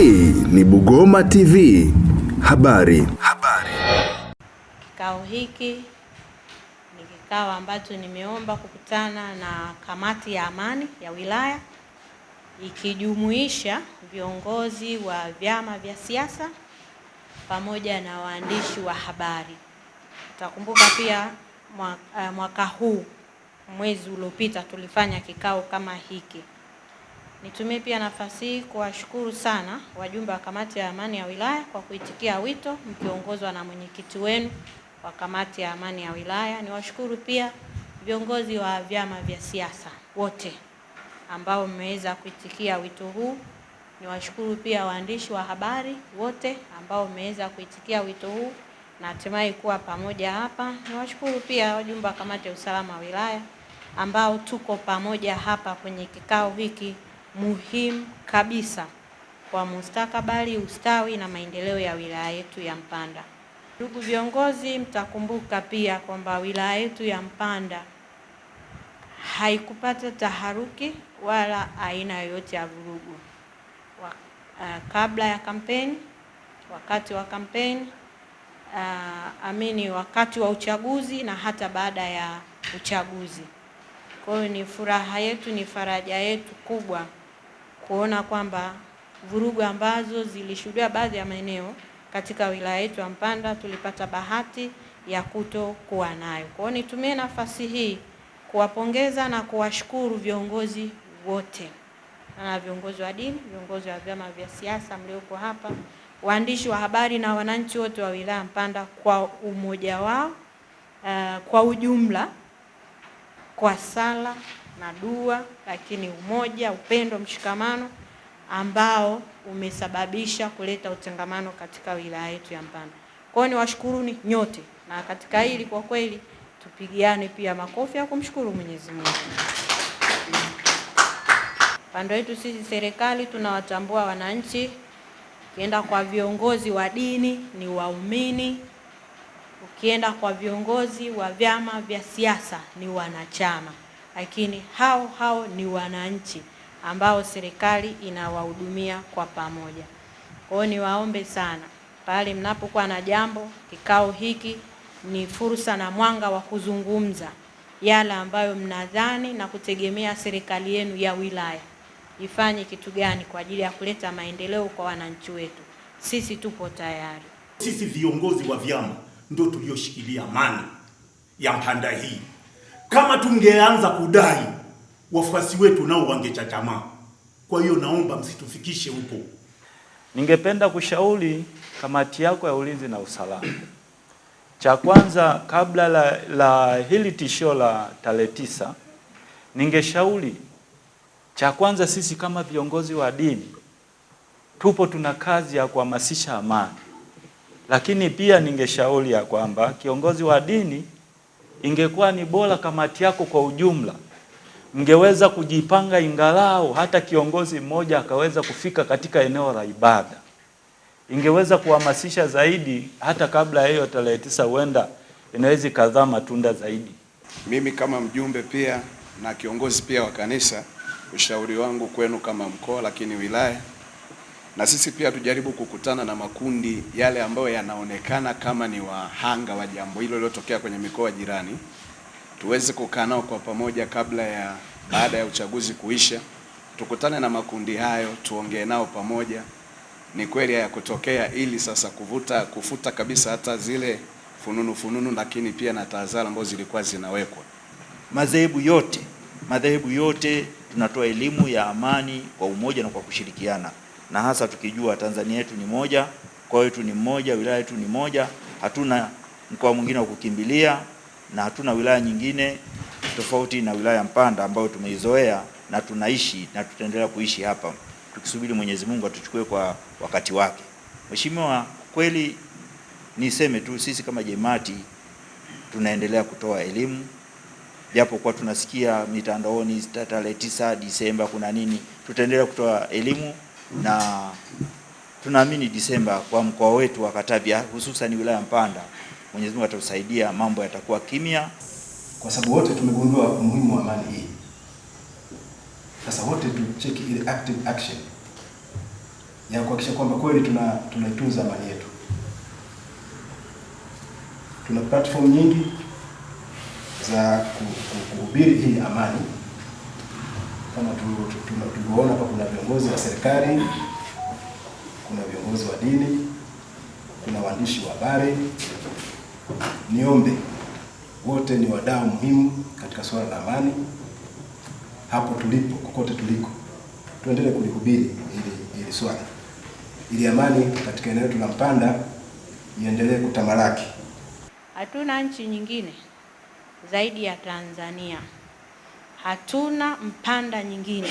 Hii ni Bugoma TV habari. Habari. Kikao hiki ni kikao ambacho nimeomba kukutana na kamati ya amani ya wilaya ikijumuisha viongozi wa vyama vya siasa pamoja na waandishi wa habari. Utakumbuka pia eh, mwaka huu mwezi uliopita tulifanya kikao kama hiki. Nitumie pia nafasi hii kuwashukuru sana wajumbe wa kamati ya amani ya wilaya kwa kuitikia wito mkiongozwa na mwenyekiti wenu wa kamati ya amani ya wilaya. Niwashukuru pia viongozi wa vyama vya siasa wote ambao mmeweza kuitikia wito huu. Niwashukuru pia waandishi wa habari wote ambao mmeweza kuitikia wito huu na hatimaye kuwa pamoja hapa. Niwashukuru pia wajumbe wa kamati ya usalama wa wilaya ambao tuko pamoja hapa kwenye kikao hiki muhimu kabisa kwa mustakabali, ustawi na maendeleo ya wilaya yetu ya Mpanda. Ndugu viongozi, mtakumbuka pia kwamba wilaya yetu ya Mpanda haikupata taharuki wala aina yoyote ya vurugu uh, kabla ya kampeni, wakati wa kampeni uh, amini, wakati wa uchaguzi na hata baada ya uchaguzi. Kwa hiyo ni furaha yetu, ni faraja yetu kubwa kuona kwamba vurugu ambazo zilishuhudiwa baadhi ya maeneo katika wilaya yetu ya Mpanda tulipata bahati ya kutokuwa nayo. Kwa hiyo nitumie nafasi hii kuwapongeza na kuwashukuru viongozi wote na viongozi wa dini, viongozi wa vyama vya siasa mlioko hapa, waandishi wa habari na wananchi wote wa wilaya Mpanda kwa umoja wao, uh, kwa ujumla, kwa sala na dua, lakini umoja, upendo, mshikamano ambao umesababisha kuleta utengamano katika wilaya yetu ya Mpanda. Kwa hiyo niwashukuruni nyote, na katika hili kwa kweli tupigiane pia makofi ya kumshukuru Mwenyezi Mungu. Pande yetu sisi serikali tunawatambua wananchi. Ukienda kwa viongozi wa dini ni waumini, ukienda kwa viongozi wa vyama vya siasa ni wanachama lakini hao hao ni wananchi ambao serikali inawahudumia kwa pamoja. Kwa hiyo niwaombe sana, pale mnapokuwa na jambo, kikao hiki ni fursa na mwanga wa kuzungumza yale ambayo mnadhani na kutegemea serikali yenu ya wilaya ifanye kitu gani kwa ajili ya kuleta maendeleo kwa wananchi wetu. Sisi tupo tayari. Sisi viongozi wa vyama ndio tulioshikilia amani ya Mpanda hii. Kama tungeanza kudai, wafuasi wetu nao wangechachamaa. Kwa hiyo naomba msitufikishe huko. Ningependa kushauri kamati yako ya ulinzi na usalama, cha kwanza kabla la, la hili tishio la tarehe tisa, ningeshauri cha kwanza, sisi kama viongozi wa dini tupo tuna kazi ya kuhamasisha amani, lakini pia ningeshauri ya kwamba kiongozi wa dini ingekuwa ni bora kamati yako kwa ujumla mngeweza kujipanga, ingalau hata kiongozi mmoja akaweza kufika katika eneo la ibada, ingeweza kuhamasisha zaidi, hata kabla ya hiyo tarehe tisa, huenda inaweza ikazaa matunda zaidi. Mimi kama mjumbe pia na kiongozi pia wa kanisa, ushauri wangu kwenu kama mkoa, lakini wilaya na sisi pia tujaribu kukutana na makundi yale ambayo yanaonekana kama ni wahanga wa jambo hilo lilotokea kwenye mikoa jirani, tuweze kukaa nao kwa pamoja kabla ya baada ya uchaguzi kuisha, tukutane na makundi hayo, tuongee nao pamoja, ni kweli ya kutokea, ili sasa kuvuta kufuta kabisa hata zile fununu fununu, lakini pia na tahadhari ambazo zilikuwa zinawekwa. Madhehebu yote madhehebu yote tunatoa elimu ya amani kwa umoja na kwa kushirikiana na hasa tukijua Tanzania yetu ni moja, mkoa wetu ni mmoja, wilaya yetu ni moja, hatuna mkoa mwingine wa kukimbilia na hatuna wilaya nyingine tofauti na wilaya Mpanda ambayo tumeizoea na tunaishi na tutaendelea kuishi hapa tukisubiri Mwenyezi Mungu atuchukue kwa wakati wake. Mheshimiwa, kweli niseme tu, sisi kama jemati tunaendelea kutoa elimu japo kwa tunasikia mitandaoni tarehe tisa Disemba kuna nini, tutaendelea kutoa elimu na tunaamini Disemba kwa mkoa wetu wa Katavi hususan wilaya Mpanda, Mwenyezi Mungu atatusaidia, mambo yatakuwa kimya, kwa sababu wote tumegundua umuhimu wa amani hii. Sasa wote tucheki ile active action ya kuhakikisha kwamba kweli tuna tunaitunza amani yetu. Tuna platform nyingi za kuhubiri hii amani kama tulivyoona hapa, kuna viongozi wa serikali, kuna viongozi wa dini, kuna waandishi wa habari. Niombe wote ni wadau muhimu katika suala la amani hapo tulipo, kokote tuliko, tuendelee kulihubiri ili ili swala ili amani katika eneo letu la Mpanda iendelee kutamalaki. Hatuna nchi nyingine zaidi ya Tanzania hatuna Mpanda nyingine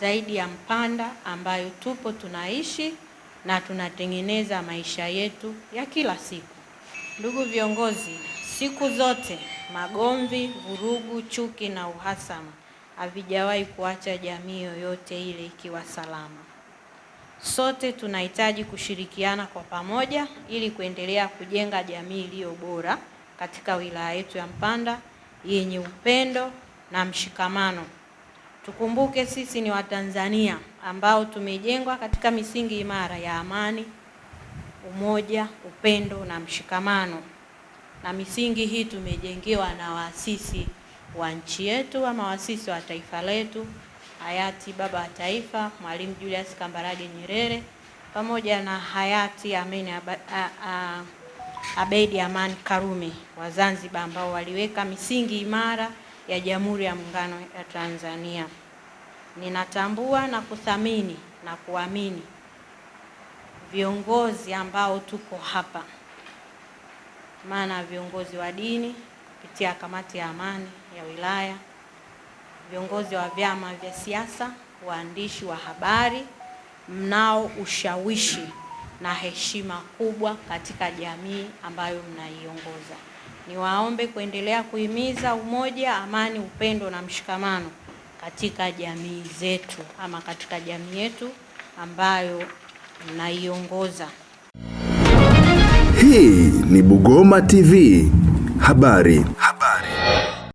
zaidi ya Mpanda ambayo tupo tunaishi na tunatengeneza maisha yetu ya kila siku. Ndugu viongozi, siku zote magomvi, vurugu, chuki na uhasama havijawahi kuacha jamii yoyote ile ikiwa salama. Sote tunahitaji kushirikiana kwa pamoja ili kuendelea kujenga jamii iliyo bora katika wilaya yetu ya Mpanda yenye upendo na mshikamano. Tukumbuke sisi ni Watanzania ambao tumejengwa katika misingi imara ya amani, umoja, upendo na mshikamano, na misingi hii tumejengewa na waasisi wa nchi yetu ama waasisi wa taifa letu, hayati baba wa taifa Mwalimu Julius Kambarage Nyerere pamoja na hayati Amin Abeid Aman Karume wa Zanzibar ambao waliweka misingi imara ya Jamhuri ya Muungano ya Tanzania. Ninatambua na kuthamini na kuamini viongozi ambao tuko hapa, maana viongozi wa dini kupitia kamati ya amani ya wilaya, viongozi wa vyama vya siasa, waandishi wa habari, mnao ushawishi na heshima kubwa katika jamii ambayo mnaiongoza niwaombe kuendelea kuhimiza umoja, amani, upendo na mshikamano katika jamii zetu ama katika jamii yetu ambayo naiongoza. Hii ni Bugoma TV habari.